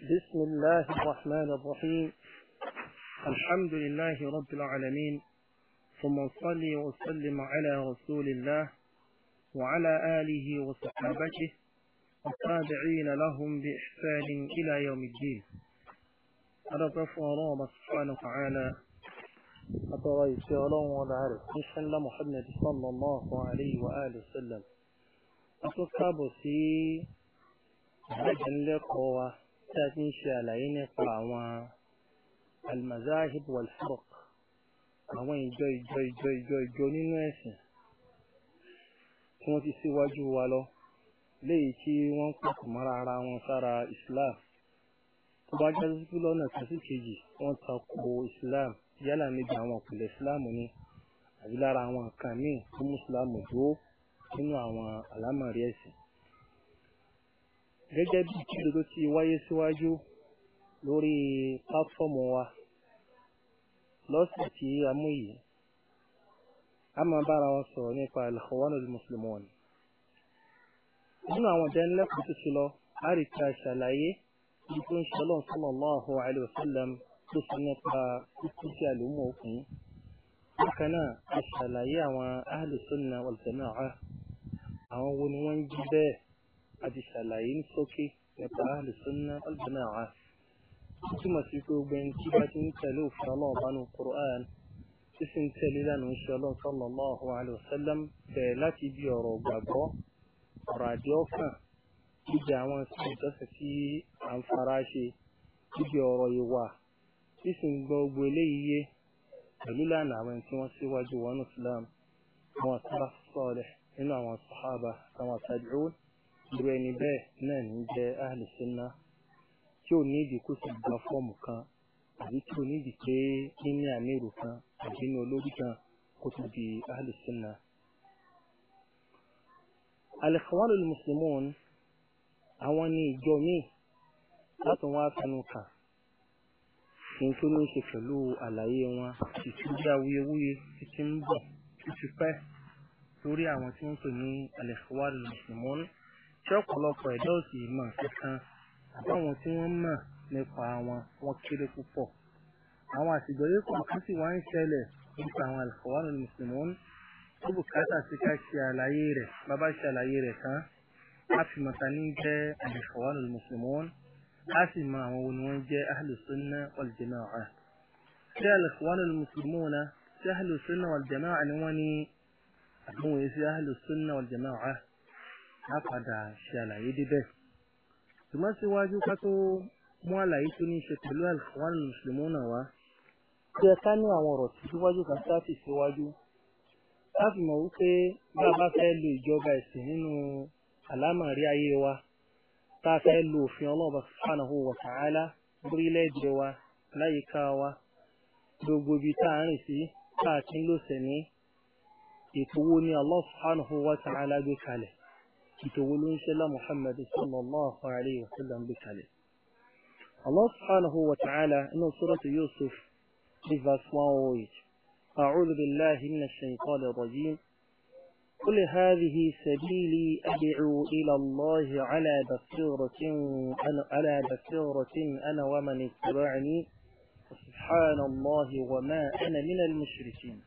بسم الله الرحمن الرحيم الحمد لله رب العالمين ثم صلي وسلم على رسول الله وعلى آله وصحابته والتابعين لهم بإحسان إلى يوم الدين أرطف الله سبحانه وتعالى أترى الله والعرف إن محمد صلى الله عليه وآله وسلم أتصاب في أجل اللقاء tá a ti ń ṣe àlàyé nípa àwọn almazahib walfurq àwọn ìjọ ìjọ ìjọ ìjọ ìjọ nínú ẹ̀sìn tí wọ́n ti síwájú wa lọ léyìí tí wọ́n pàtó mọ́ra ara wọn sára islam tó bá jẹ́ sí lọ́nà kásì kejì wọ́n tako islam yálà níbi àwọn òpìlẹ̀ islam ni àbí lára àwọn nǹkan míì tó mú dúró nínú àwọn àlámọ̀rí ẹ̀sìn gẹ́gẹ́ bí ìkéde tó ti wáyé síwájú lórí pátfọ́ọ̀mù wa lọ́sẹ̀ tí a mú yìí a máa bára wa sọ̀rọ̀ nípa al-Ikhwanul Muslimun nínú àwọn ìdánilẹ́kọ̀ọ́ tó ti lọ a rí ká ṣàlàyé ibi tó ń ṣe ọlọ́run sallallahu alaihi wasallam tó sọ nípa títí sí àlùmọ̀ òkun bákan náà a ṣàlàyé àwọn Ahlu Sunnah àwọn wo ni wọ́n ń jí bẹ́ẹ̀ a ti ṣàlàyé ní sókè nípa alùsùnà alùbánáà ó túmọ̀ sí pé gbogbo ẹni tí bá ti ń tẹ̀lé òfin ọlọ́ọ̀bá nù Qur'an tí sì ń tẹ̀lé lánà ń ṣe ọlọ́run sallallahu alaihi wasallam bẹ̀rẹ̀ láti ibi ọ̀rọ̀ gbàgbọ́ ọ̀rọ̀ àdéọ́kàn jíjẹ àwọn sí ìjọsìn tí à ń fara ṣe jíjẹ ọ̀rọ̀ ìwà tí sì ń gbọ́ gbogbo eléyìí pẹ̀lú lánà àwọn tí wọ́n síwájú wọnú Islam àwọn sábà sọ̀rẹ̀ nínú àwọn sàhábà àwọn tabi'un irú ẹni bẹ́ẹ̀ náà ní jẹ́ àlùsínà tí ò ní ìdíkù sí gba fọ́ọ̀mù kan àbí tí ò ní ìdíkè nínú àmírù kan àbí ní olórí kan kó tó di àlùsínà. al-ikhwan al-muslimun àwọn ní ìjọ míì láti wọn afẹnu kàn ohun tó ní í ṣe pẹ̀lú àlàyé wọn ìtújá wuyewuye títí ń bọ̀ títí pẹ́ lórí àwọn tí wọ́n pè ní al-ikhwan al-muslimun tí ọ̀pọ̀lọpọ̀ ẹ̀dá ò sì mọ̀ kankan àbáwọn tí wọ́n mọ̀ nípa wọn wọ́n kéré púpọ̀. àwọn àṣìgbọ́yé kọ̀ọ̀kan sì wá ń ṣẹlẹ̀ nípa àwọn àlùfọ̀wánù mùsùlùmí tó bùkátà sí ká ṣe àlàyé rẹ̀ bàbá ṣe àlàyé rẹ̀ tán a fi mọ̀ta ní jẹ́ àlùfọ̀wánù mùsùlùmí a sì mọ àwọn wo ni jẹ́ ahlùsúnná wàlùjẹ̀máà. ṣé àlùfọ̀wánù mùsùlùmí ṣé ahlùsúnná wàlùjẹ̀máà ni wọ́n ní àbúwòye sí ahlùsúnná wàlùjẹ̀máà á padà ṣe àlàyé débẹ̀. ṣùgbọ́n síwájú ká tó mú àlàyé tó ní ṣe pẹ̀lú Al-Ikhwan Muslimun náà wá. bí ẹ ká ní àwọn ọ̀rọ̀ tó síwájú kan sáfì síwájú a fi mọ̀ wípé bá a bá fẹ́ lo ìjọba ẹ̀sìn nínú àlámọ̀rí ayé wa tá a fẹ́ lo òfin Ọlọ́run subhanahu wa gbogbo ibi tá a rìn sí tá a ti ń lò sẹ̀mí ètò ni Allah subhanahu wa ta'ala gbé kalẹ̀. تتولون شلا محمد صلى الله عليه وسلم بكالي الله سبحانه وتعالى إن سورة يوسف verse 108 أعوذ بالله من الشيطان الرجيم قل هذه سبيلي أدعو إلى الله على بصيرة أنا على بصيرة أنا ومن اتبعني سبحان الله وما أنا من المشركين.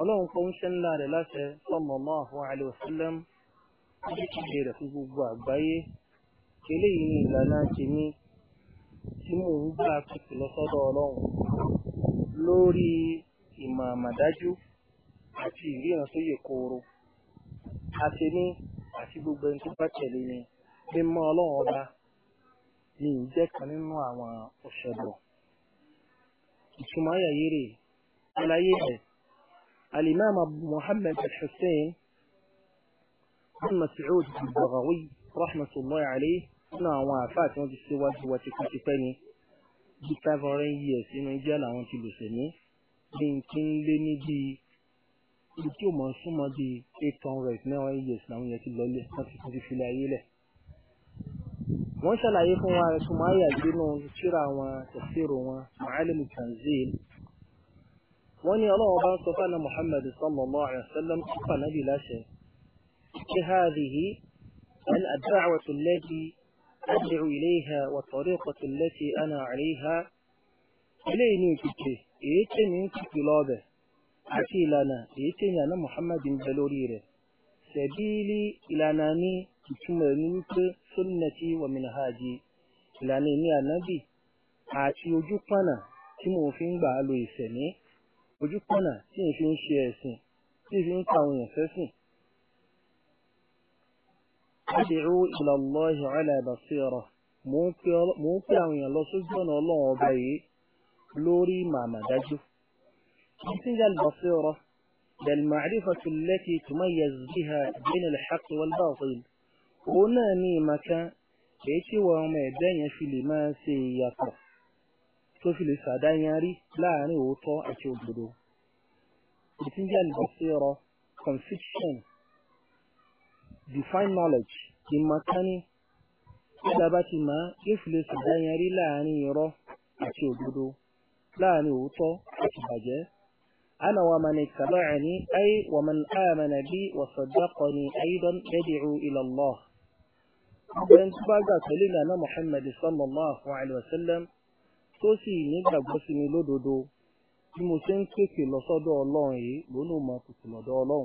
الله قوم شن صلى الله عليه وسلم ní kíkẹ́ rẹ̀ fún gbogbo àgbáyé eléyìí ni ìlànà tèmi tí mò ń gbà pèsè lọ́sọ́dọ̀ ọlọ́run lórí ìmọ̀ àmàdájú àti ìríran tó yè kooro àtẹni àti gbogbo ẹni tó bá tẹ̀lé ni mímọ́ ọlọ́run ọba ni ìjẹ́ kan nínú àwọn òṣèlú ìtumọ̀ ayẹyẹ rẹ̀ àlàyé rẹ̀ alimami Muhammad al-Hussein عن مسعود البغوي رحمة الله عليه أنا وعفات وانت سواج وتكتفني بفافرين years inú ìjẹ́ làwọn ti lò sẹ́ni bí n ti ń lé ní bí ibi tí ó mọ̀ súnmọ́ bí eight hundred mẹ́wàá years làwọn yẹn ti lọlé wọ́n ti tún ti filẹ̀ ayé lẹ̀. wọ́n ṣàlàyé fún wa ẹ̀sùn máyà gbénú síra wọn tẹ̀síro wọn ma'alim tanzil wọ́n ní ọlọ́run bá ń sọ fún àná muhammad sallallahu alayhi wa sallam kíkọ́ ànábì láṣẹ هذه الدعوة التي أدعو إليها والطريقة التي أنا عليها إليني كتير إيتني كتلابة àti ìlànà èyí tí ìyànà Muhammad ń bẹ lórí rẹ̀. Sẹ̀bílì ìlànà ní ìtumọ̀ ní wípé sunnati wa minhaji ìlànà ní ànábì àti ojúpọ̀nà tí mo fi ń gbà lo ìsẹ̀mí, ojúpọ̀nà tí n fi ń ṣe ẹ̀sìn, tí n fi ń kàwọn èèyàn sẹ́sìn, ادعو الى الله على بصيره مو في مو في لو سبحانه الله باي لوري ما مدجو تنسي البصيره للمعرفة التي تميز بها بين الحق والباطل هنا نيمك ايتي وما دنيا في لما سيقر توفي لسعدان ياري لا يعني وطو اتو بدو تنسي البصيره conviction define knowledge ìmọ̀ kan ní nígbà bá ti mọ̀ ìfìlẹ̀ ṣẹ̀dá yẹn rí láàrin irọ́ àti òdodo láàrin òótọ́ àti bàjẹ́ أنا ومن اتبعني أي ومن آمن بي وصدقني أيضا يدعو إلى الله وإن تبقى كلنا أنا محمد صلى الله عليه وسلم توسي نبقى بسمي لدودو في مسنكك لصدو الله لنو ما تسلدو الله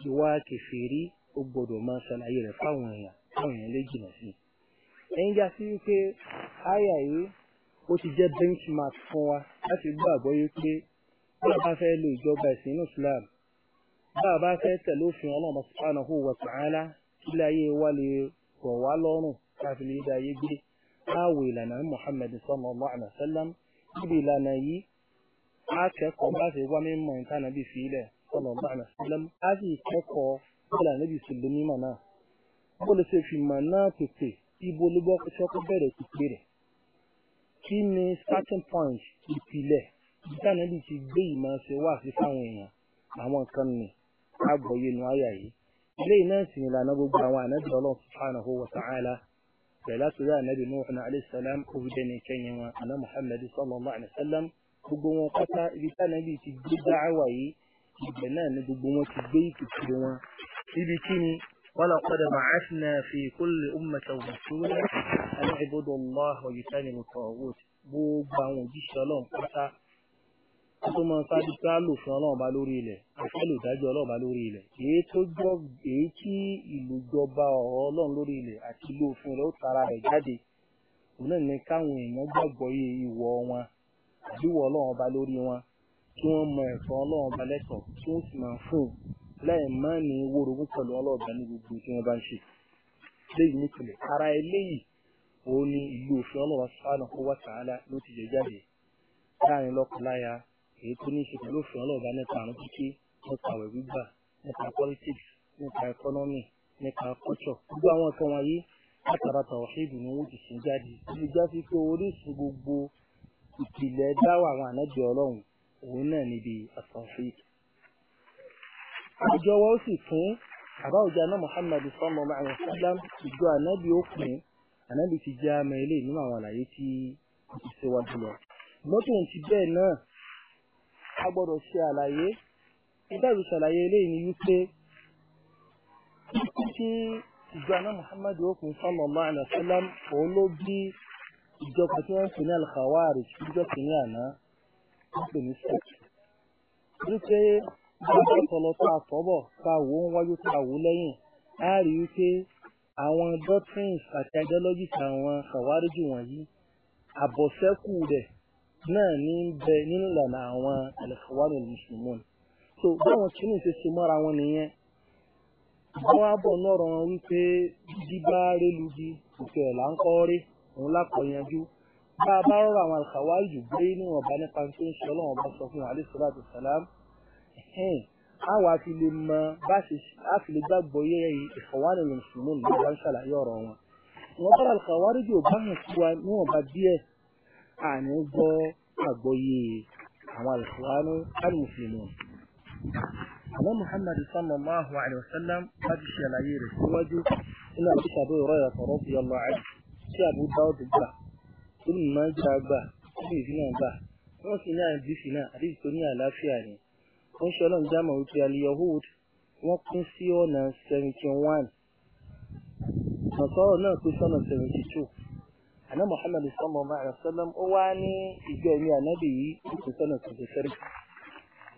ti wá kẹfìrí ó gbọdọ̀ máa ṣàlàyé rẹ̀ fáwọn èèyàn fáwọn èèyàn lè jìnà sí. ẹ̀yin já sí wípé àyà yìí ó ti jẹ́ benchmark fún wa láti gbọ́ àgbọ́yé pé bá a bá fẹ́ lo ìjọba ìsìn inú Islam bá a bá fẹ́ tẹ̀lé òfin Ọlọ́run subhanahu wa ta'ala kí láyé wa lè rọ̀ wá lọ́rùn káfí lè dá ayé gbé láàwọ̀ ìlànà Muhammad sallallahu alaihi wasallam níbi ìlànà yìí á kẹ́kọ̀ọ́ bá ṣe wá mímọ̀ ìtànà bí fi ilẹ̀ sallallahu alaihi wasallam á sì kẹ́kọ̀ọ́ bọ́lá níbi ìṣèlú mímọ̀ náà bó ló ṣe fi mọ̀ náà tètè ibo ló bọ́ kọ́ṣọ́ kó bẹ̀rẹ̀ pípé rẹ̀ kí ni starting point ìpìlẹ̀ ìdá níbi ti gbé ìmọ̀ ṣe wà sí fáwọn èèyàn àwọn nǹkan nì àgbọ̀yé nu àyà yìí eléyìí náà sì ní ìlànà gbogbo àwọn ànábì Ọlọ́run subhanahu wa ta'ala ibẹ̀ náà ni gbogbo wọn ti gbé ìpìtì wọn níbi kí ni ولقد بعثنا في كل أمة رسولا أن اعبدوا الله واجتنبوا الطاغوت gbogbo àwọn òjíṣẹ́ ọlọ́run pátá tó máa sáájú ká lò fún ọlọ́run bá lórí ilẹ̀ àfẹ́ lò dájú ọlọ́run bá lórí ilẹ̀ èyí tó gbọ́ èyí tí ìlú jọba ọ̀rọ̀ ọlọ́run lórí ilẹ̀ àti ilé òfin rẹ̀ ó tara rẹ̀ jáde òun náà ní káwọn èèyàn gbàgbọ́ iye ìwọ wọn àbí ìwọ ọlọ́run bá lórí wọn kí wọ́n mọ ẹ̀tọ́ ọlọ́run ọba lẹ́tọ̀ọ́ kí wọ́n sì máa fún un láì má ní wórogún pẹ̀lú ọlọ́ọ̀bá ní gbogbo tí wọ́n bá ń ṣe. léyìí nípìnlẹ̀ ara eléyìí òun ni ìlú òfin ọlọ́run subhanahu wa ta'ala ló ti jẹ jáde láàrin lọ́kọláya èyí tó ní í ṣe pẹ̀lú òfin ọlọ́ọ̀bá nípa àrùn kíké nípa àwẹ̀ gbígbà nípa politics nípa economy nípa culture gbogbo àwọn nǹkan wọ̀nyí látara tàwọ̀ṣẹ́dù ni wọ́n ti sìn jáde. ó lè já sí pé gbogbo ìpìlẹ̀ dáwọ̀ àwọn ànájẹ́ ọlọ́run òun náà níbi àtànfíì àjọ wa ó sì tún àbá òjò aná Muhammad sallallahu alaihi wasallam ìjọ ànábì ó pin ànábì ti jẹ́ àmọ́ ilé nínú àwọn àlàyé tí ó ti ṣèwádìí lọ mọ́tò ti bẹ́ẹ̀ náà a gbọ́dọ̀ ṣe àlàyé ìdájú ṣàlàyé ilé ní wípé kí ìjọ aná Muhammad ó pin sallallahu alaihi òun ló bí ìjọba tí wọ́n ń pè ní al ìjọ kìíní àná ń pè ní sex. Ní pé bá a bá sọ̀lọ́ tá a fọ́bọ̀ tá a wò ó wájú tá a wò ó lẹ́yìn, a rí i pé àwọn doctrines àti ideologies àwọn kàwáríjì wọ̀nyí àbọ̀sẹ́kù rẹ̀ náà ní ń bẹ nínú ìlànà àwọn àlẹ́kọ̀wárì mùsùlùmí. So báwọn kìíní ṣe ṣe mọ́ra wọn nìyẹn. Wọ́n á bọ̀ náà rọ̀ wọn wípé bíbá rélugi òkè ọ̀la ń kọ́ rí òun lápọ̀ yanjú bá a bá rọrọ àwọn àlùkàwáyù gbé níwọ̀n bá nípa tó ń ṣe ọlọ́run bá sọ fún alayhi salatu salam àwa fi lè mọ bá ṣe á fi lè gbàgbọ́ yẹ ìfọ̀wánì lùsùlùmù ní ìbá ń ṣàlàyé ọ̀rọ̀ wọn. wọn bá àlùkàwárí jù bá hàn sí wa níwọ̀n bá díẹ̀ àní gbọ́ àgbọ́yé àwọn àlùkàwárí alùsùlùmù. àmọ́ Muhammad sallallahu alayhi wa sallam bá ti ṣàlàyé rẹ̀ síwájú ó ní máa ń ta gbà ó ní ìdí náà gbà wọ́n sì ní náà tó ní àlàáfíà ni ó ń ṣe ọlọ́run wípé aliyahood wọ́n pín sí ọ̀nà seventy one nàṣọ́rọ̀ náà pín sọ́nà seventy two àná muhammed sallallahu alaihi wasallam ó wá ní ìgbẹ́ ẹ̀mí ànábì yìí ó pín sọ́nà seventy three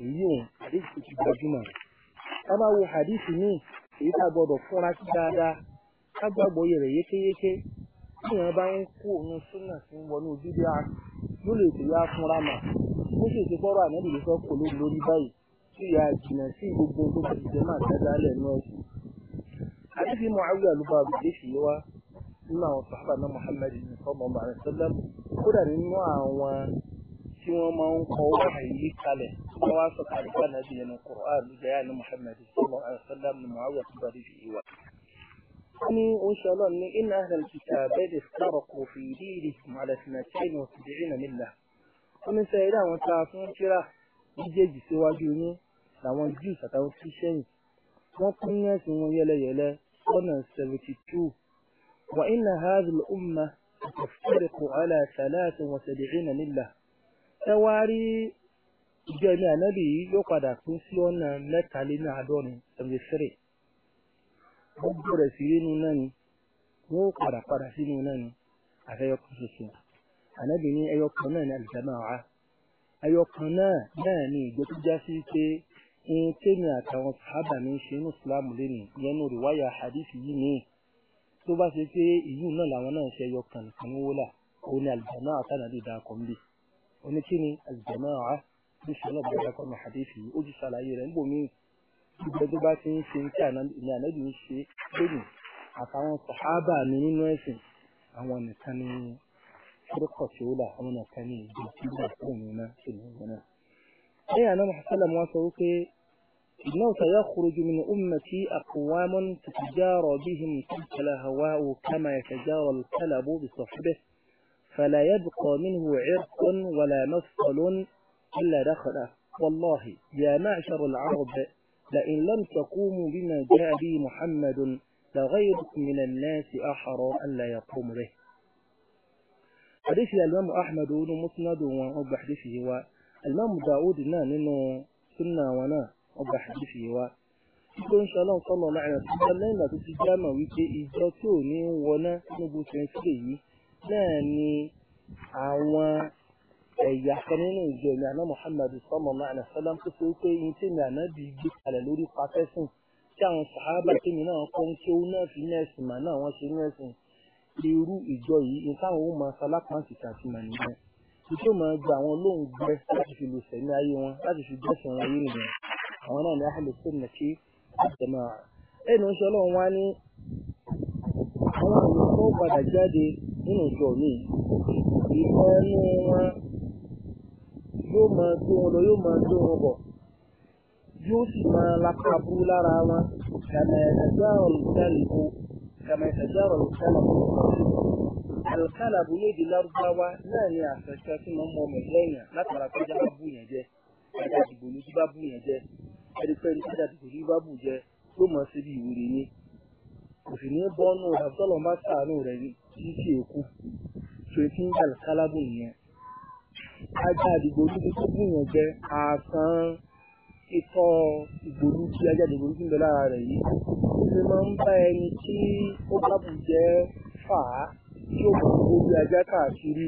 èyí ò tó ti gbajúmọ̀ wo míì èyí tá a gbọdọ̀ tí èèyàn bá ń kó òun súnà sí wọnú dídí a ló lè tèyà fúnra mà ó sì ti gbọ́rọ̀ àná lè fẹ́ kò lórí báyìí tí ìyá ìjìnà sí gbogbo tó bá ti jẹ máa dáadáa lẹ́nu ẹ̀sìn. àdébí muhammed alùpàá àbùdé sì yé wa nínú àwọn náà muhammed kódà nínú àwọn tí wọ́n máa ń wáyé kalẹ̀ wọ́n wá sọ kàlùkà náà di ẹnu muhammed أني إن شاء الله أني إن أهل الكتاب إذ افترقوا في دينهم على اثنتين وسبعين ملة ومن سيدا وتعفون كرا يجي سوى جوني لàwọn Jews àtàwọn Christians wọ́n pín ní ẹ̀sìn wọn yẹlẹyẹlẹ lọ́nà seventy two wa inna hadhihi al-umma taftariqu ala thalathin wa sab'ina gbogbo rẹ̀ sí nínú náà ni wọ́n padà padà sínú náà ni àfẹ́yọkan ṣoṣo ànábì ní ẹyọkan náà ní àlùjámáà ẹyọkan náà náà ni ìgbé tó já sí pé ohun tèmi àtàwọn sábà mi ń ṣe inú ìsìlámù lẹ́nu ìyẹn ní òrìwáyà hadith yìí ni tó bá ṣe pé ìyú náà làwọn náà ṣe ẹyọkan nìkan ní wọ́là òun ni àlùjámáà tánàbí dákọ̀ ń bì oníkíni àlùjámáà ló ṣe ọlọ́ọ̀bù dákọ̀ ní hadith yìí ó ti ṣàlàyé rẹ̀ níbòmíì gbogbo tó bá ti ń ṣe tí ànábì ànábì ń ṣe lónìí àtàwọn sàhábà mi nínú ẹ̀sìn àwọn nìkan ní kúrúkọ̀ tí ó là àwọn nìkan ní ìgbà tí ó là fún mi náà sí mi náà. lẹ́yìn àná mọ̀sálà wọn sọ wípé إنه سيخرج من أمتي أقوام تتجارى بهم تلك الأهواء كما يتجارى الكلب بصحبه فلا يبقى منه عرق ولا مفصل إلا دخله والله يا معشر العرب لئن لم تقوموا بما جاء به محمد لغيرك من الناس أحرى أن لا يقوم به حديث الإمام أحمد مسند وأبا حديثه والإمام داود نانو نعم سنة ونا أبا حديثه و Ìgbọ́n ṣọlọ́n sọ́lọ́ láàrin àtúntà lẹ́yìn àti ti jámà wípé ìjọ tí ò ní wọná níbo ṣe ń sílè yìí náà ni àwọn ẹ̀yà kan nínú ìjọ ìlú àná muhammadu sallallahu alaihi wasallam tó fi pé yín tí mi àná bí gbé kalẹ̀ lórí pàfẹ́sìn tí àwọn sàhábà tí mi náà kọ́ ń ké ó náà fi nẹ́ẹ̀sìn mà náà wọ́n ṣe nẹ́ẹ̀sìn irú ìjọ yìí ní táwọn ó máa salápáǹsì kàti mà nìyẹn tí tó máa gba àwọn olóhùn gbẹ láti fi lè sẹ̀mí ayé wọn láti fi gbẹ́sìn wọn yé nìyẹn àwọn náà ní ahlu sunnati àtẹ̀mọ́ ẹnu ń ṣe ọlọ́run wá ní àwọn àlùkò padà jáde nínú ìjọ mi ìfẹ́ nínú wọn yóò máa gbé wọn lọ yóò máa gbé wọn bọ̀ yóò sì máa lakabu lára wọn kàmẹ ẹgbẹ́ ọ̀lùkálẹ̀kù kàmẹ ẹgbẹ́ ọ̀lùkálẹ̀kù alùkálàbù léde lárúbáwá náà ni àfẹsẹ tí mo mọ mẹlẹyìn látara tó dábà bù yẹn jẹ ẹdá dìbò ní bá bù yẹn jẹ ẹdí ẹdá dìbò ní bá bù jẹ ni kò sì ní ajá àdìgbò ní tó bí yàn jẹ àtàn ikọ̀ ìgbòlú tí ajá àdìgbò ní bẹ lára rẹ̀ yìí ni máa ń bá ẹni tí ó bá bù jẹ́ fà á tí ó máa ń gbóbi ajá káàkiri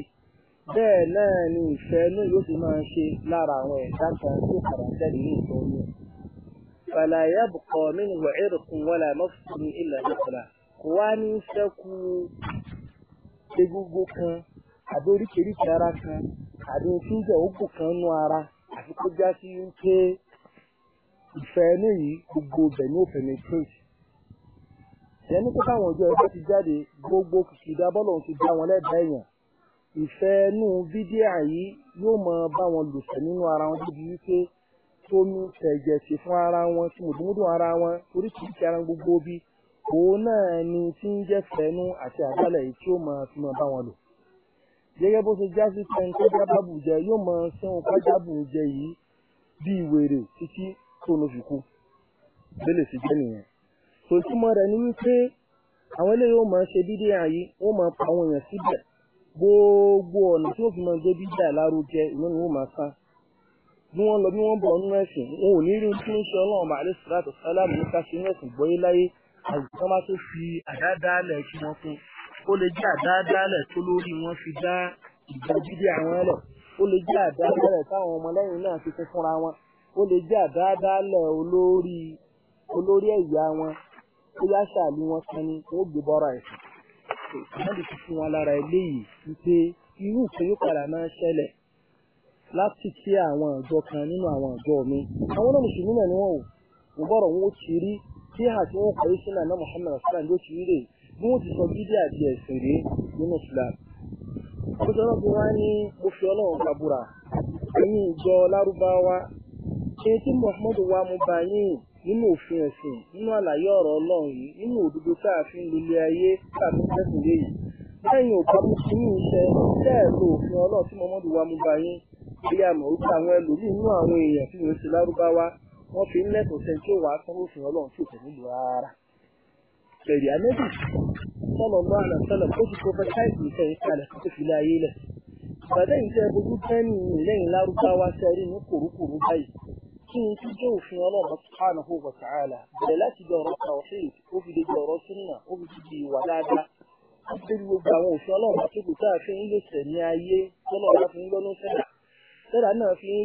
bẹ́ẹ̀ náà ni ìfẹ́ náà yóò fi máa ṣe lára àwọn ẹ̀dá kan tó padà jáde ní ìtọ́jú. fàlà yàbùkọ nínú ìrìkùn wọlé mọ́fùtún ilẹ̀ ìjọba kò wá ní sẹ́kù egungun kan àbí oríkèéríkèé ara kan àbí tí ń jẹ́ òkú kan nú ara àti kó já sí wípé ìfẹ́ ẹnu yìí gbogbo ibẹ̀ ní òfin ní tèèjì. Ìyẹn pé káwọn ọjọ́ ẹgbẹ́ ti jáde gbogbo kìkìdá bọ́lọ̀ ti dá wọn lẹ́dàá èèyàn. Ìfẹ́ ẹnu bídíà yìí yóò máa bá wọn lùfẹ́ nínú ara wọn débi wípé tómi tẹ̀jẹ̀ sí fún ara wọn tí mùdùmùdùn ara wọn oríṣiríṣi ara gbogbo bí òun náà ni tí ń jẹ́ fẹ́nu àti àgbálẹ̀ yìí tí ó máa bá wọn lò gẹ́gẹ́ bó ṣe já sí pẹ́ẹ́n tó jábàbù jẹ yóò mọ sẹ́wọ̀n kájábù jẹ yìí bí ìwèrè títí tó lọ fi kú bẹ́lẹ̀ sì jẹ́ nìyẹn. tò túmọ̀ rẹ̀ ni wípé àwọn eléyìí ó máa ṣe dídé àyè ó máa pa àwọn èèyàn síbẹ̀ gbogbo ọ̀nà tí ó fi máa gbé dídá lárugẹ ìlú ni ó máa sá bí wọ́n lọ bí wọ́n bọ̀ nínú ẹ̀sìn wọn ò ní rí tí ń ṣe ọlọ́run bàálẹ̀ sàlátù sálámù ní ká ṣe ní ẹ̀sìn gbọ́yé láyé àyùkọ́ má tó fi àdá dálẹ̀ kí wọ́n fún un ó lè jẹ́ àdáadáalẹ̀ tó lórí wọn fi dá ìgbàgídé àwọn ẹlẹ̀ ó lè jẹ́ àdáadáalẹ̀ táwọn ọmọlẹ́yìn náà fi fún fúnra wọn ó lè jẹ́ àdáadáalẹ̀ olórí olórí ẹ̀yà wọn ó yá ṣàlù wọn kan ni wọ́n gbé bọ́ra ẹ̀sìn ìwádìí ti fún wọn lára eléyìí wípé irú ìpinnu padà máa ń ṣẹlẹ̀ láti kí àwọn àjọ kan nínú àwọn àjọ mi àwọn náà mùsùlùmí náà ni wọn ò wọn wọn ó ti rí kí àti wọn kọ̀ yìí sínú àná Muhammad sallam ló ti rí rèé bí wọ́n ti sọ bídí àti ẹ̀sìn rèé nínú islam ọjọ́ náà bí wọ́n á ní mo fi ọlọ́run kabura ìjọ lárúbáwá ṣe tí muhammadu wa mú bá yín nínú òfin ẹ̀sìn nínú àlàyé ọ̀rọ̀ ọlọ́run yìí nínú òdodo tá a fi ń lulẹ̀ ayé tá a fi ń tẹ̀sìn lẹ́yìn òkú wa mú bá yín wípé àwọn ẹlòmíì nínú àwọn èèyàn tí wọ́n ti lárúbáwá wọ́n fi ń lẹ́tọ̀ọ́ sẹ́ńtì ó wàá sanwó lórí ànábì sallallahu alaihi wasallam ó ti kọfẹ́ káìsì iṣẹ́ ìkàlẹ̀ la fi láyé lẹ̀. nke ìjẹ́ ojú bẹ́ẹ̀ni lẹ́yìn lárúbáwá ni subhanahu wa ta'ala bẹ̀rẹ̀ láti jẹ ọ̀rọ̀ tawhid ó fi lè jẹ ọ̀rọ̀ sunna ó fi di ìwà dáadáa a fi ń lè sẹ̀mí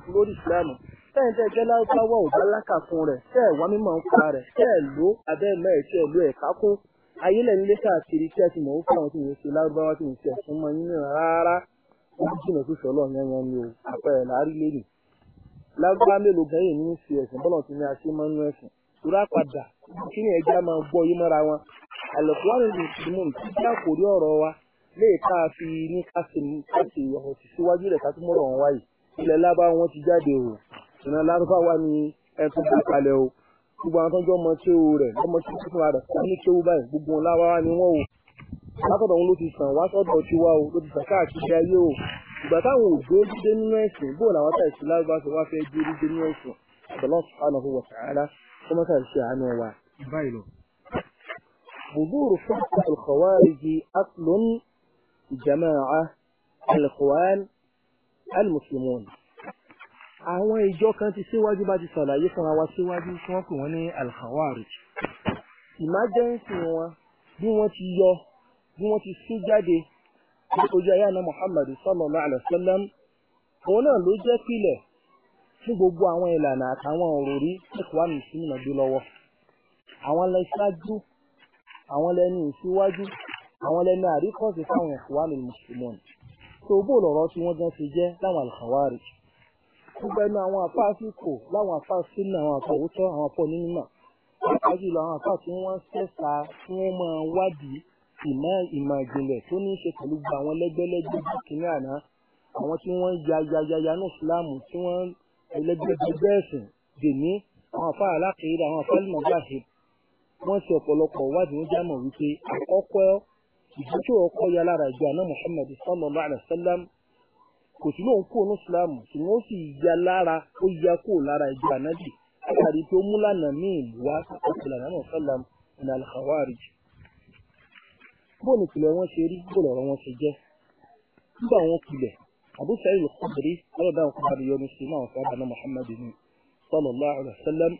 fi ọba tẹ́yìn tẹ́ jẹ́ láwùjáwọ̀ ò bá fún rẹ̀ tẹ́ ẹ̀ wá mímọ̀ ń pa rẹ̀ tẹ́ ẹ̀ ló abẹ́ mẹ́rin tí ẹ̀ ló ti mọ̀ ó fún àwọn tí mo ṣe lárúbáwá tí mo ṣe ẹ̀sùn mọ́ yín náà rárá ó jìnà ni o àpẹẹrẹ láàrí lẹ́nu mélòó gan yìí ní ẹ̀sìn bọ́lọ̀ tí ní a ṣe mọ́ ẹ̀sìn tura padà kí ni ẹja máa gbọ́ mọ́ra wọn wa lè ká fi ní ká sì síwájú ìran lárúbá wà ní ẹ̀tún tó kalẹ̀ o gbogbo àwọn tọ́jú ọmọ kéwu rẹ̀ ọmọ tí wọ́n fún rẹ̀ wọ́n ní kéwu báyìí gbogbo wọn láwa ni wọ́n o látọ̀dọ̀ wọn ló ti sàn wá sọ́dọ̀ ti wá o ló ti sàn káàkiri ayé o ìgbà táwọn òjò dídé nínú ẹ̀sìn bóun làwọn táyì sí lárúbá ti wá fẹ́ dé dídé nínú ẹ̀sìn ọ̀dọ̀lọ́ subhanahu àwọn ìjọ kan ti síwájú bá ti ṣàlàyé fúnra wa síwájú tí wọ́n pè wọ́n ní alhawarij emergency wọn bí wọ́n ti yọ bí wọ́n ti sún jáde ní ojú ayé àná muhammadu sallallahu alayhi wa sallam òun náà ló jẹ́ pìlẹ̀ fún gbogbo àwọn ìlànà àtàwọn òròrí ẹ̀kọ́ àmì sínú ìnàgbé lọ́wọ́ àwọn lẹ ṣáájú àwọn lẹni ìṣíwájú àwọn lẹni àríkọ̀sí fáwọn ẹ̀kọ́ àmì mùsùlùmí tó bó lọ̀rọ̀ tí wọ́n gan ṣe jẹ́ láwọn alhawarij gbogbo ẹnu àwọn àfa àsìkò láwọn àfa sínú àwọn àfa òótọ́ àwọn àfa onímọ̀ pàápàá jùlọ àwọn àfa tí wọ́n ṣẹ̀ṣà tí wọ́n máa wádìí ìmọ̀ ìmọ̀ ìjìnlẹ̀ tó ní í ṣe pẹ̀lú gba àwọn lẹ́gbẹ́lẹ́gbẹ́ kìíní àná àwọn tí wọ́n ya ya ya ya ní ìsìláàmù tí wọ́n ẹlẹ́gbẹ́gbẹ́ ẹ̀sìn dèmí àwọn àfa alákèéra àwọn àfa lùmọ̀gbàṣe wọ́n ṣe ọ̀pọ̀lọpọ̀ wádìí wọ́n jámọ̀ wípé àkọ́kọ́ ìdókòwò ọkọ̀ yà lára ìjọ àná Muhammad sallallahu alayhi wa sallam kò sí lóun kúrò ní islam ṣùgbọ́n ó sì ya lára ó ya kúrò lára ìjọ ànábì látàrí pé ó mú lànà míì wá ọ̀pọ̀lọpọ̀ náà sálàm ní al-khawarij. bó ìpìlẹ̀ wọn ṣe rí bó lọ̀rọ̀ wọn ṣe jẹ́ nígbà wọn pilẹ̀ Abu Sa'id al ọlọ́dà ọkọ̀ àdìyọ́nu sí náà ọ̀sán àbáná Muhammadu ni sallallahu alaihi wasallam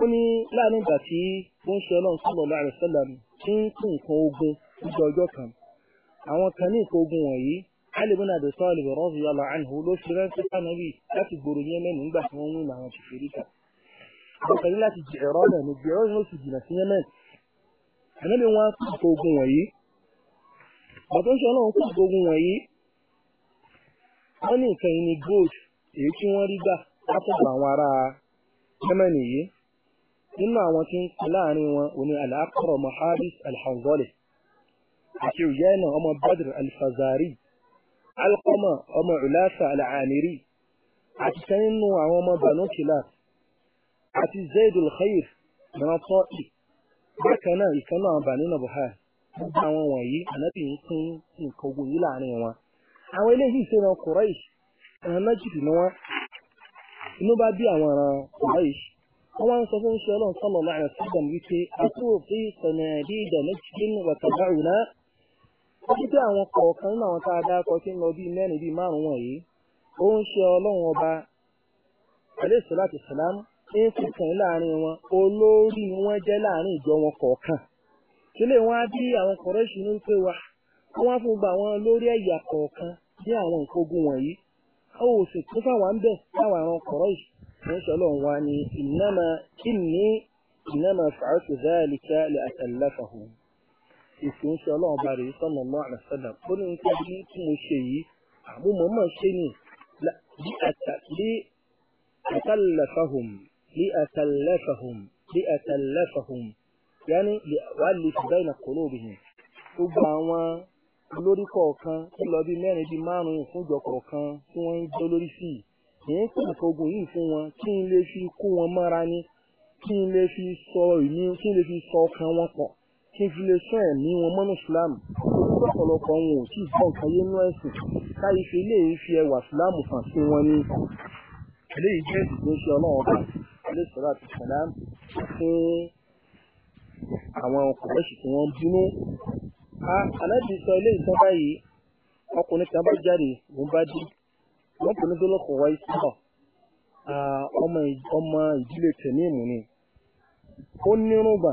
ó ní láàrin ìgbà tí wọ́n ṣe ọlọ́run sallallahu alaihi wasallam Ali bin Abi Talib radiyallahu anhu ló fi ránṣẹ́ sánàbí láti gbòòrò Yemen nígbà tí wọ́n na àwọn kìfèrí kan. Àwọn kan ní láti jẹ ẹ̀rọ náà ní gbẹ̀rọ ní oṣù jìnnà sí Yemen. Ànábì wọn kú àpò ogun wọ̀nyí. Bàtà ń ṣe ọlọ́run kú àpò ogun wọ̀nyí. Wọ́n ní nǹkan ni gold èyí tí wọ́n rí gbà àwọn ará Yemen yìí. Nínú al ọmọ Badr alfazari. alkọ́mọ̀ ọmọ ìlàsà al'amiri àti sanínú àwọn ọmọ banu kilab àti zaidul khair ìran tọ́ì bákan náà ìkanú àwọn banu na buhari gbogbo àwọn wọ̀nyí ànábì ń pín nǹkan ogun yìí láàrin wọn àwọn eléyìí ṣe ran Quraish ẹran méjìdì ni wọn inú bá bí àwọn ẹran Quraish wọn wá ń sọ fún ṣe ọlọ́run sallallahu alaihi wípé àtúwò fi sọ̀nà ẹ̀dí ìdẹ̀ méjìdì wàtàbáwò náà Àti àwọn kọ̀ọ̀kan nínú àwọn tá a dárúkọ ń lọ bíi mẹ́rin bíi márùn-ún wọ̀nyí, ó ń ṣe Ọlọ́run Ọba ń fìkàn láàrin wọn, olórí wọn jẹ́ láàrin ìjọ wọn kọ̀ọ̀kan. Kílé wọn á bí àwọn Kùrẹ́ṣì ní pé fún gba àwọn lórí ẹ̀yà kọ̀ọ̀kan ní àwọn ìkógun wọ̀nyí. Ó ò fáwọn ń bẹ̀ àwọn ń ṣe Ọlọ́run wa ni ìnáma kí ni ìnáma èsì ń ṣe ọlọ́run bá rèé sọ́nà náà àlàsọ́nà ó ní nǹkan bí tí mo ṣe yìí àmúmọ́ mọ̀ ṣe ni bí àtàlẹ́fàhùn bí àtàlẹ́fàhùn bí àtàlẹ́fàhùn yáni wà lè fi báyìí nà kóró obìnrin gbogbo àwọn olórí kọ̀ọ̀kan tó lọ bí mẹ́rin bí márùn-ún fúnjọ kọ̀ọ̀kan tí wọ́n ń jẹ́ olórí sí yìí ní pàtàkì ogun yìí fún wọn kí n lè fi kó wọn mọ́ra ni kí n lè fi sọ ìní kí n lè fi sọ ọkàn wọn pọ̀ kí n fi lè sọ ẹ̀mí wọn mọ́nà Islam torí ọ̀pọ̀lọpọ̀ wọn ò tí ì gbọ́ nǹkan yé nú ẹ̀sìn táyé fi eléyìí fi ẹwà Islam fàn sí wọn ní eléyìí jẹ́ ìgbésí ọlọ́run ọba ilé sọ̀rọ̀ àti sàlám fún àwọn kòlẹ́sì tí wọ́n bínú. Aláàbí sọ ilé ìtàn báyìí ọkùnrin kan bá jáde òun bá dé wọ́n kò ní tó lọ́kọ̀ wáyé sílọ̀ ọmọ ìdílé tẹ̀mí ìmù ni ó nírùngbà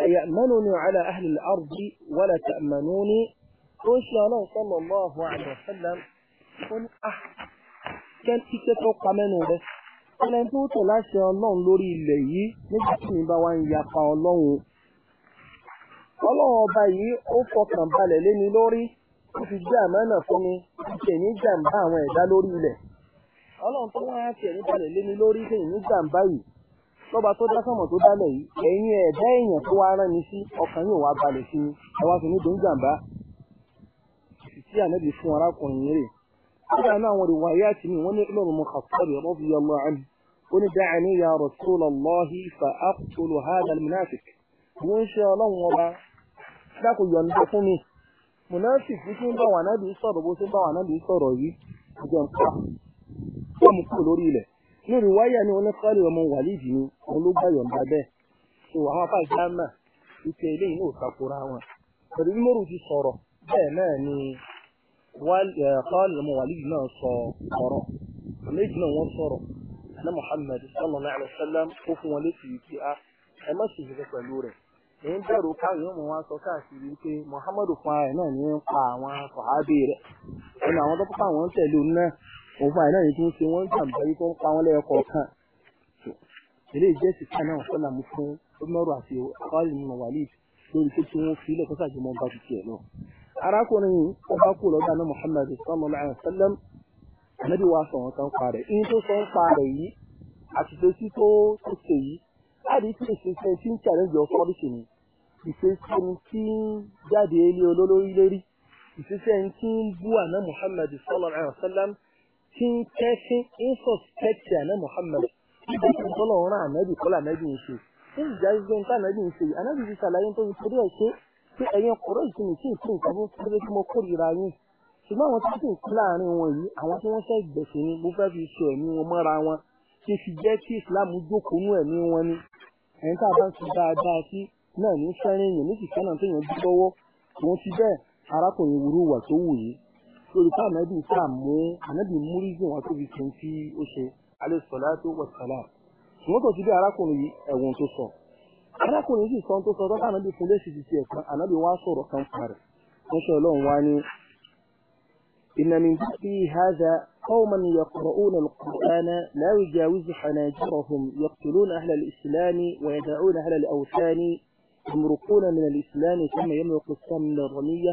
أيأمنني على أهل الأرض ولا تأمنوني ó ṣe ọlọ́run sọ́nà lọ́ọ̀hún àjọ̀sẹ́lẹ̀ ó ní à kẹ́ ń títẹ́ tó pa mẹ́nu rẹ̀ ẹlẹ́ni tó tẹ̀ láṣẹ ọlọ́run lórí ilẹ̀ yìí yapa ọlọ́run ọlọ́run ọba yìí ó fọkàn balẹ̀ lori mi lórí amana fi jẹ́ àmánà fún mi lọ́ba tó dá sọ́mọ̀ tó dálẹ̀ yìí ẹ̀yin ẹ̀dá èèyàn tó wá rán mi sí ọkàn yóò wá balẹ̀ sí ẹ wá sí ní dòńjàmbá tí ànábì fún arákùnrin rè kódà náà àwọn ìwàyé àti mi ní ìlọrin mu ó ní da'ani ya rasulallahi fa aqtulu hadha almunafiq wọ́n ṣe ọlọ́run ọba dákò yọ̀ǹda fún mi munafik tí ń bá wà nábì sọ̀rọ̀ bó ṣe ń bá wà sọ̀rọ̀ ní ìrìwáyà ní ọlọ́kọ́lù ọmọ wàlídì ni òun ló gbàyọ̀ ńlá bẹ́ẹ̀ so àwọn afá gámà ìpè eléyìí náà takora wọn pẹ̀lú bí mọ́rù ti sọ̀rọ̀ bẹ́ẹ̀ náà ni kọ́lù wàlídì náà sọ náà ana Muhammad fún wọn létí wípé a ah, ẹ má ṣe ìṣẹ́ pẹ̀lú rẹ̀ èyí ń wọn sọ káàkiri Muhammadu fún ara náà ní pa àwọn sọ̀hábì rẹ̀ ẹnu àwọn tó òun àìná yìí tó ń ṣe wọ́n jàǹbá yìí tó ń pa wọ́n lẹ́yọkọ̀ kan ilé ìjẹ́sì kan náà sọ́nà mú fún ọmọrù àti ọ̀kọ́lì nínú wàlíì lórí tó tí wọ́n fi ilẹ̀ kọ́sà jùmọ̀ bá tutù ẹ̀ lọ. arákùnrin yìí ó bá kú lọ́dọ̀ àná Muhammad sallallahu alaihi wasallam ànábì wa sọ wọn kan pa rẹ̀ ìyí tó sọ ń pa rẹ̀ yìí àti tó sí tó tó ṣe yìí láti tí èsì sẹ́yìn tí ń challenge authority ni ìfẹsẹ̀ni tí ń jáde ilé olólórí lérí ìfẹsẹ̀ni tí ń bú àná Muhammad sallallahu alaihi wasallam tí ń kẹ́sìn ń sọ̀spẹ́tì àná Muhammad nígbà tí ìtọ́lọ̀ ọ̀ràn ànábì kọ́lá ànábì ń ṣe ń jà gbé ń tá ànábì ń ṣe yìí ànábì ti ṣàlàyé tó ń torí ẹ̀ ṣe pé ẹ̀yin ọkùnrin ìsìn ní tíì fún nǹkan tó ń tí mo kórìíra yín ṣùgbọ́n àwọn tó ń kú láàrin wọn yìí àwọn tí wọ́n fẹ́ gbẹ̀sìn ni mo fẹ́ fi ṣe ẹ̀mí wọn mọ́ra wọn kí fi jẹ́ kí Islam jókòó ẹ̀mí wọn ni ẹ̀yin tá a bá ń fi dáadáa sí náà ní fẹ́ràn èèyàn ní kìkẹ́ náà tó yẹn dúdọ́wọ́ òun ti bẹ́ẹ̀ arákùnrin wúrú wà tó wù yìí lórí tá ànábì tá mú ànábì múrígùn wọn tó fi kí n tí ó ṣe alẹ́ sọ̀lá tó wọ̀ sọ̀lá ṣùgbọ́n tó ti bí arákùnrin yìí ẹ̀wọ̀n tó sọ arákùnrin yìí sọ tó sọ tó ànábì fún léṣe ti tiẹ̀ kan ànábì wá sọ̀rọ̀ kan fún rẹ̀ wọ́n sọ ọlọ́run wá ní ìnàmì fi hàdà قوما يقرؤون القرآن لا يجاوز حناجرهم يقتلون أهل الإسلام ويدعون أهل الأوثان يمرقون من الإسلام ثم يمرق السم من الرمية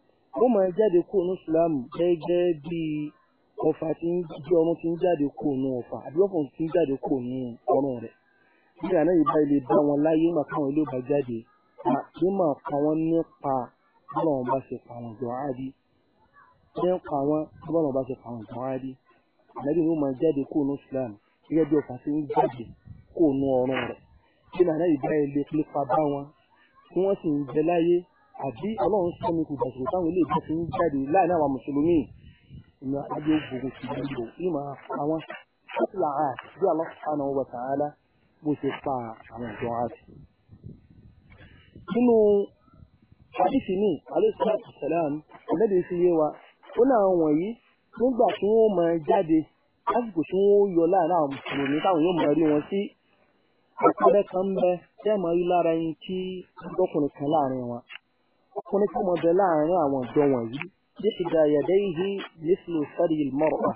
ó máa jáde kúrò ní Islam gẹ́gẹ́ bí ọfà tí ń jẹ́ ọrùn tí ń jáde kúrò ní ọfà àbí ọ̀fọ̀ tí ń jáde kúrò ní ọrùn rẹ̀ bí àná yìí bá ilé bá wọn láyé ó máa káwọn ilé bá jáde àti máa pa wọn nípa bọ́lá wọn bá ṣe pa wọn jọ áádí nípa wọn bọ́lá wọn bá ṣe pa wọn jọ áádí ànábì ló máa jáde kúrò ní Islam gẹ́gẹ́ bí ọfà tí ń jáde kúrò ní ọrùn rẹ̀ bí àná yìí bá ilé pípa bá wọn tí wọ́n sì ń jẹ láyé àbí ọlọ́run sọ mi kò dàgbò táwọn ilé ìjọsìn ń jáde láàrin àwọn mùsùlùmí ìmọ̀ adé ògùn ti dìbò ìmọ̀ àwọn ṣọ́tìlà àt bí Allah subhanahu wa ta'ala bó ṣe pa àwọn ìjọ àt. nínú àdìsí ọ̀lẹ́dẹ̀ wa ó wọ̀nyí nígbà tí wọ́n máa jáde lásìkò tí wọ́n yọ àwọn mùsùlùmí táwọn Ọkùnrin kan mọ bẹ láàárín àwọn ìjọ wọ̀nyí, yasda yadayhi mithlu thadiyil mar'ah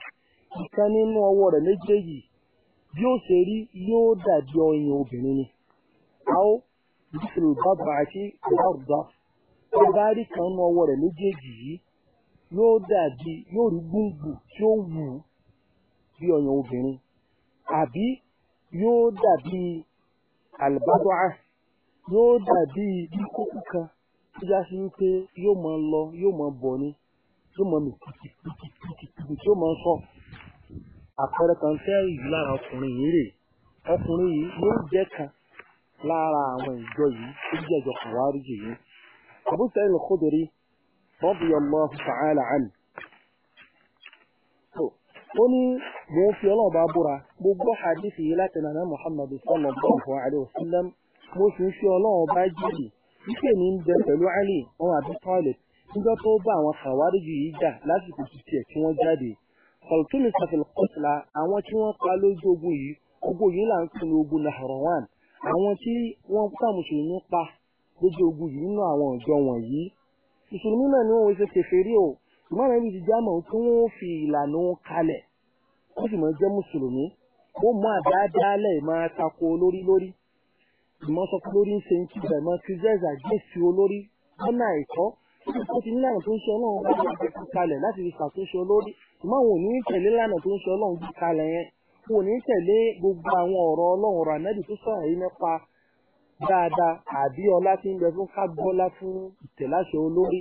(ìkan nínú ọwọ́ rẹ̀ méjèèjì bí ó ṣe rí yóò dàbí ọyàn obìnrin ni) aw mithlu bad'ati bardah (tẹ bá rí ìkan nínú ọwọ́ rẹ̀ méjèèjì yìí, yóò rí gbùngbù tí ó wù ú bí ọyàn obìnrin) àbí yóò dàbí al (yóò dàbí bí kókó kan tó já sí wípé yóò máa lọ yóò máa bọ̀ ni yóò máa mì kìkìkìkìkì tí ó máa ń sọ. àpẹẹrẹ kan tẹ́ ìlú lára ọkùnrin yìí rè ọkùnrin yìí yóò jẹ́ kan lára àwọn ìjọ yìí tó jẹ́ ìjọ kàwárí jù yìí. Abu Sa'id al-Khudri radiyallahu ta'ala anhu ó ní mo ń fi ọlọ́ọ̀bá búra mo hadith yìí láti nàná Muhammad sallallahu alayhi wa sallam mo sì ń fi ọlọ́ọ̀bá jìbì wípé ní ń bẹ pẹ̀lú Ali ọmọ àbí Talib nígbà tó bá àwọn kàwáríjì yìí jà lásìkò títí ẹ̀ tí wọ́n jáde kọ̀lùtúnì sàfihàn àwọn tí wọ́n pa lójú ogun yìí ogun yìí là ń pè ní ogun Nahrawan àwọn tí wọ́n pa mùsùlùmí pa lójú ogun yìí nínú àwọn ọ̀jọ́ wọ̀nyí mùsùlùmí náà ni wọ́n ṣe kèfèrí o ṣùgbọ́n àwọn ibi jámọ̀ tí wọ́n fi ìlànà wọn kalẹ̀ wọ́n sì mọ̀ jẹ́ mùsùlùmí ó mọ àdáadáa lẹ̀ máa tako lórí lórí ìmọ̀ sọ pé lórí ń ṣe ń kí ìgbà ìmọ̀ kìrìsìtẹ́sì àgbèsì olórí lọ́nà àìkọ́ ó ti ní lànà tó ń ṣe ọlọ́run bá wà ti kalẹ̀ láti fi ṣàtúnṣe olórí ìmọ̀ àwọn òní tẹ̀lé lànà tó ń ṣe ọlọ́run bí kalẹ̀ yẹn wọn ò ní tẹ̀lé gbogbo àwọn ọ̀rọ̀ ọlọ́run ọ̀rọ̀ ànábì tó sọ̀rọ̀ yìí nípa dáadáa àbí ọlá tí ń bẹ fún kábọ́lá fún ìtẹ̀láṣẹ olórí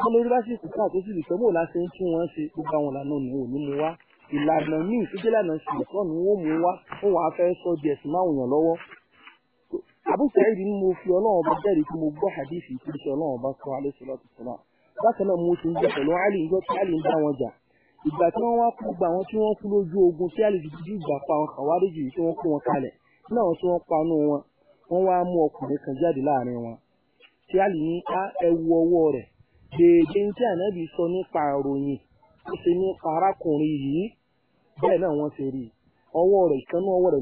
wọn lórí bá sì kú káà tó sì lè sọmọ láti ń tún wọn ṣe gbogbo àwọn ìlànà òní òní mu wá ìlànà míì tó jẹ́ lànà ṣùgbọ́n ni wọ́n mú wá ó wàá fẹ́ sọ di ẹ̀sìn máwùyàn lọ́wọ́ àbúsàìdì ni mo fi ọlọ́run ọba jẹ́rìí tí mo gbọ́ hadithi tí mo fi ọlọ́run ọba sọ alẹ́ sọlá tó sọlá bákan náà mo ti ń jẹ pẹ̀lú alì ìjọ tí alì ń bá wọn jà ìgbà tí wọ́n wá kú gba àwọn tí wọ́n kú lójú ogun tí alì dìbò ìgbà pa àwọn kàwáríjì tí wọ́n kó wọn kalẹ̀ náà tí wọ́n panú wọn wọ́n wá mú ọkùnrin kan jáde láàrin wọn tí alì ní ká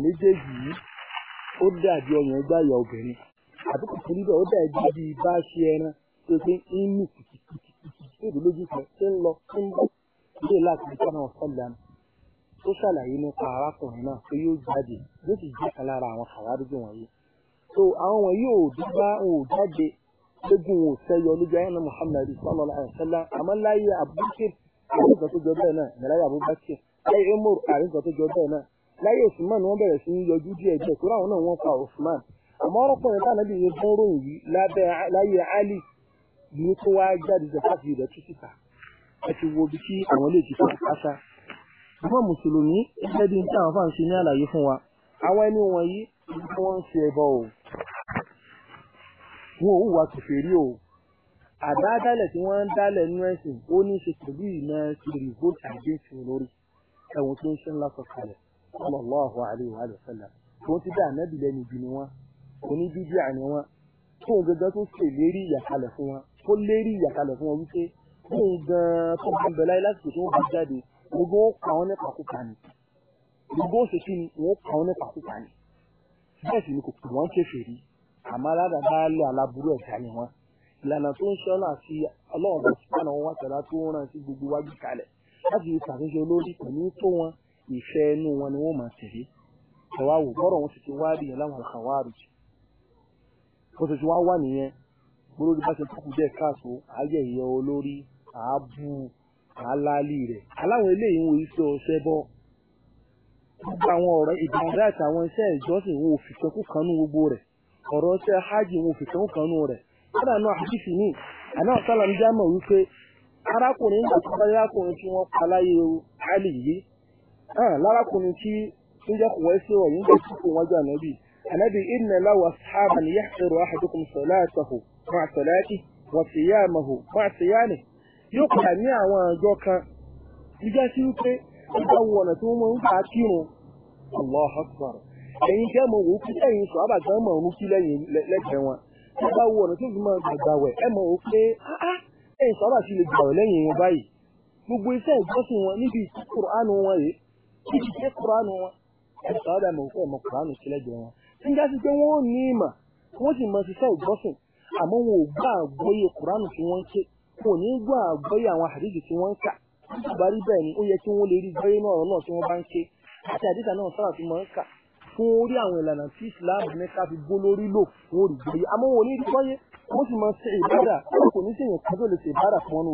ẹwu ó dàbí ọyàn ẹgbẹ́ àyà obìnrin àbí kò torí bẹ́ẹ̀ ó dàbí bí bá ṣe ẹran tó ṣe ń mú kìkìkìkìkì lójú kan ṣe ń lọ ṣe ń bọ̀ ilé láti ní sọ́nà ọ̀sọ́lẹ̀ àná ó ṣàlàyé nípa arákùnrin náà pé yóò jáde yóò sì jẹ́ kan lára àwọn àwárígbò wọ̀nyí so àwọn wọ̀nyí ò dúpá ò jáde lógún ò sẹ́yọ láyé Usman wọ́n bẹ̀rẹ̀ sí yọjú díẹ̀ díẹ̀ tó ráwọn náà wọ́n pa Usman àmọ́ ọ̀rọ̀kùnrin táwọn ẹbí yẹn fún ròyìn yìí lábẹ́ láyé Ali ni tó wá jáde jẹ káfíì rẹ̀ tú síta ẹ ti wo bí kí àwọn lè ti fún àṣà. àwọn mùsùlùmí ẹgbẹ́ bíi tí àwọn fáwọn ṣe ní àlàyé fún wa àwọn ẹni wọ̀nyí ni wọ́n ń ṣe ẹbọ o wọn ò hùwà kèfèrí o àdádálẹ̀ tí wọ́n ń dálẹ̀ nínú ẹ̀sìn ó ní í ṣe pẹ̀lú ìmọ̀ ṣe revolt against olórí ẹ̀wọ̀n tó ń ṣe ńlá sọ̀kalẹ̀ الله alayhi wa sallam tí wọ́n ti dá ànábì كنت jù ni wọ́n oníbíbí àní wọn tó ń gangan tó ṣe lérí ìyàkalẹ̀ fún wọn tó lérí ìyàkalẹ̀ fún wọn wípé tó ń gan tó ń bẹ láyé lásìkò tó ń bá jáde gbogbo wọn kà wọn nípa kúpa ni gbogbo wọn ṣe kí ni wọn kà wọn nípa kúpa ni bẹ́ẹ̀ sì ni kò pè wọ́n kèfèrí àmọ́ aládàbálẹ̀ aláburú ẹ̀dá ni wọ́n ìlànà tó ń ṣọ́nà àti ọlọ́run tó ń ṣọ́nà wọn wá tẹ̀lá tó ń ràn sí gbogbo wájú kalẹ̀ láti ṣàtúnṣe olórí pẹ̀lú tó wọn ife inú wọn ni wọ́n máa tẹ̀lé ẹ̀wá wò bọ́rọ̀ wọn sì ti wá rí yẹn láwọn Khawarij bó ṣe ti wá wà nìyẹn gbólórí bá ṣe kúkú díẹ̀ káàtó ayé ìyẹ olórí àábù àálálì rẹ̀ aláwọn eléyìí ń wo iṣẹ́ ọ̀sẹ̀ bọ́ gbogbo àwọn ọ̀rọ̀ ìdàgbà gbogbo rẹ̀ ọ̀rọ̀ hajj wo rẹ̀ kódà náà àdìsí àná wípé arákùnrin nígbà tó bá yá kùnrin tí Ah, lárakùnrin tí ń jẹ́ kò wáyé sọ̀rọ̀ yìí ń jẹ́ kókò wájú ànábì ànábì inna lahu ashaban yahqiru ahadukum salatahu ma'a salatihi wa siyamahu ma'a siyamihi yóò padà ní àwọn àjọ kan ìjà sí wípé ó bá wọ ọ̀nà tí wọ́n mọ̀ ń gbà kírun Allahu akbar ẹ̀yin jẹ́ mọ̀ wò ó kí sọ àbàgán mọ̀ ọ̀run kí lẹ́yìn lẹ́gbẹ̀ẹ́ wọn ó bá wọ ọ̀nà tí wọ́n mọ̀ gbàgbà wẹ̀ ẹ mọ̀ ó pé sọ àbàṣì lè gbàwẹ̀ lẹ́yìn wọn báyìí gbogbo iṣẹ́ ìjọsìn wọn níbi ìtúkùrọ̀ àánú wọn yìí títí ṣe kúránù wọn ẹni sọ̀rọ̀ dà mọ̀ ẹ̀mọ kúránù sílẹ̀ jẹ wọn. tí ń já sí pé wọ́n ò ní ìmọ̀ wọ́n sì mọ ṣiṣẹ́ ìgbọ́sìn àmọ́ wọn ò gbọ́ àgbọ́yé kúránù tí wọ́n ń ké wọn ò ní gbọ́ àgbọ́yé àwọn àdìsí tí wọ́n ń kà nítorí bẹ́ẹ̀ ni ó yẹ kí wọ́n lè rí gbọ́yé náà ọ̀rọ̀ náà tí wọ́n bá ń ké àti àdìsá náà sára tí wọ́n ń kà fún orí àwọn ìlànà tí Islam ní ká fi gbó lórí lò wọn ò rí gbọ́yé àmọ́ wọn ò ní rí gbọ́yé wọ́n sì máa ṣe ìbára kò ní sèyàn kájọ́ lè ṣe ìbára fún ọ́nà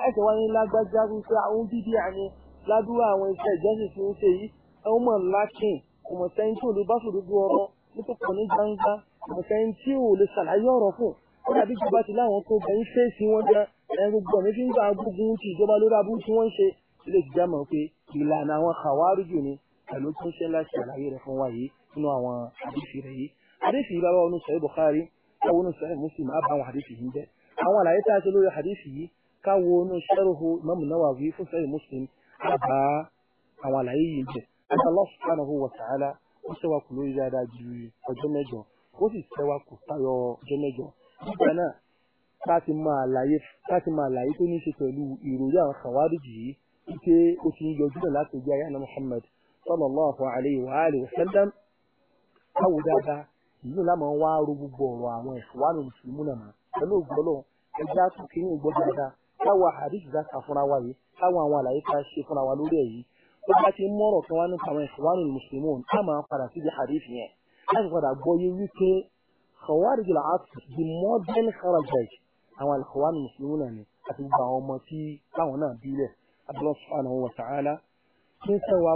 ẹ̀sẹ̀ wáyé lágbájá wípé àwọn bíbí àní ládùúgbò àwọn iṣẹ́ ìjọsìn tí ń ṣe yìí ẹ̀wọ̀n mọ̀ lákìn ọ̀mọ̀sẹ́yìn tí ò lè bá sòdodo ọ̀rọ̀ nítòkọ̀ ní gbangba ọ̀mọ̀sẹ́yìn tí ò lè ṣàlàyé ọ̀rọ̀ fún ó dàbí ìjọba ti láwọn tó bẹ̀yìn fèsì wọn jẹ ẹ̀ gbogbo ọ̀mí fi gba gbógun ti ìjọba lórí abúlé tí wọ́n ń ṣe ilé ìjà mọ̀ pé ìlànà àwọn kàwárìjù ni pẹ̀lú tó ń ṣe láti ṣàlàyé rẹ̀ fún wa yìí nínú àwọn àdéfì rẹ̀ yìí àdéfì yìí bá wà nínú sọ̀rọ̀ Bukhari báwo nínú sọ̀rọ̀ á bá àwọn àdéfì yìí jẹ́ àwọn àlàyé tá a ṣe lórí àdéfì yìí káwo inú sẹ́rùhù mọ́mù náà wà wí fún sẹ́yìn muslim àbá àwọn àlàyé yìí jẹ àti Allah subhanahu wa ta'ala ó ṣẹ́wà kù lórí dáadáa ju ọjọ́ mẹ́jọ ó sì ṣẹ́wà kù tayọ ọjọ́ mẹ́jọ nígbà náà láti máa àlàyé láti máa àlàyé tó ní ṣe pẹ̀lú ìròyìn àwọn kàwárìjì yìí wípé ó ti ń yọjú náà láti ojú ayé àná Muhammad sallallahu alayhi wa alihi wa sallam dáadáa ìlú ńlá máa ń wá ro gbogbo ọ̀rọ̀ àwọn ìfowópamọ́ mùsùlùmí náà pẹ̀lú ògbọ́lọ́ ẹgbẹ́ àtúnkí ní ìgbọ́ dáadáa káwa hadith dá ka fúnra wa yìí káwa àwọn àlàyé ká ṣe fúnra wa lórí ẹ̀ yìí tó bá ti mọ́rọ̀ kan wá nípa àwọn ìṣòwánù mùsùlùmí ká máa padà síbi hadith yẹn láti padà gbọ́ yé wípé khawarij al-asr the modern kharajaj àwọn ìṣòwánù mùsùlùmí náà ni àti gbogbo àwọn ọmọ tí táwọn náà bílẹ̀ abdullahi subhanahu wa ta'ala tí ń sẹ́wà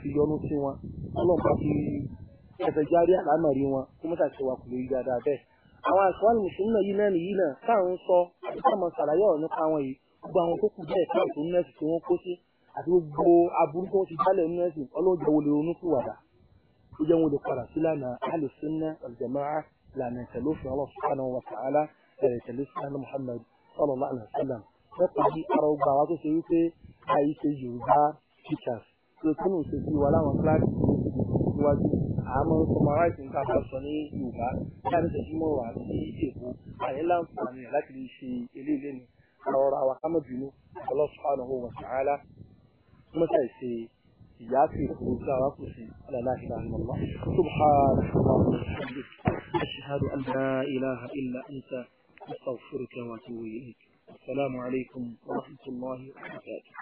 fi yọnu sí wọn tọ́lọ́n fi ẹ̀fẹ̀ járí àlámọ̀rí wọn kó mọ́tà sẹ́wà kù lórí dáadáa bẹ́ẹ̀ àwọn àkọọ́lù mùsùlùmí náà yìí náà nìyí náà táwọn ń sọ àtúntàmọ̀ sàlàyé ọ̀rọ̀ nípa àwọn yìí gbogbo àwọn tó kù díẹ̀ tí àìsàn nẹ́ẹ̀sì tí wọ́n kó sí àti gbogbo aburú tó ń ti jálẹ̀ nẹ́ẹ̀sì ọlọ́jọ́ wo lè ronú sí wàdà ó jẹ́ wọn lè padà sí lánàá alùsùnà aljamaa lànà ìtẹ̀lé òfin Allah subhanahu wa ta'ala ẹ̀rẹ̀ ìtẹ̀lé àmọ́ sọmọráìtì ń tàbá sọ ní yorùbá láti tẹ̀sí mọ́ wà sí èkó àyè láǹfààní láti lè ṣe eléyìí ní ọ̀rọ̀ àwọn akámọ̀bìnú ọlọ́sùpáànù owó wà sàárà mọ́tà ìṣe ìyá sí èkó tí àwọn kò sí aláàláhi lọ́wọ́ أشهد أن لا إله إلا أنت أستغفرك وأتوب إليك السلام عليكم ورحمة الله وبركاته